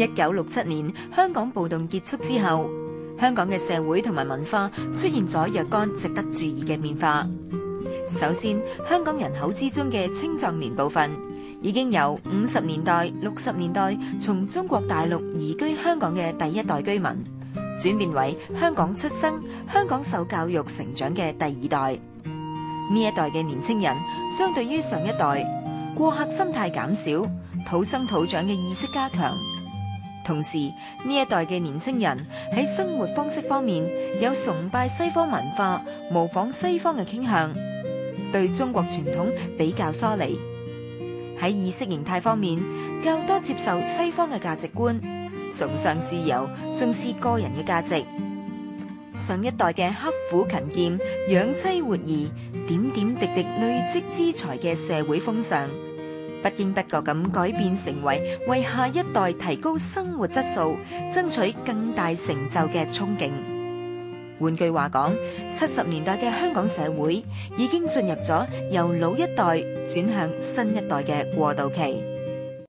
一九六七年香港暴動結束之後，香港嘅社會同埋文化出現咗若干值得注意嘅變化。首先，香港人口之中嘅青壯年部分，已經由五十年代、六十年代從中國大陸移居香港嘅第一代居民，轉變為香港出生、香港受教育、成長嘅第二代。呢一代嘅年輕人，相對於上一代，過客心態減少，土生土長嘅意識加強。同時，呢一代嘅年輕人喺生活方式方面有崇拜西方文化、模仿西方嘅傾向，對中國傳統比較疏離；喺意識形態方面較多接受西方嘅價值觀，崇尚自由，重視個人嘅價值。上一代嘅刻苦勤儉、養妻活兒、點點滴滴累積資財嘅社會風尚。不經不覺咁改變，成為為下一代提高生活質素、爭取更大成就嘅憧憬。換句話講，七十年代嘅香港社會已經進入咗由老一代轉向新一代嘅過渡期。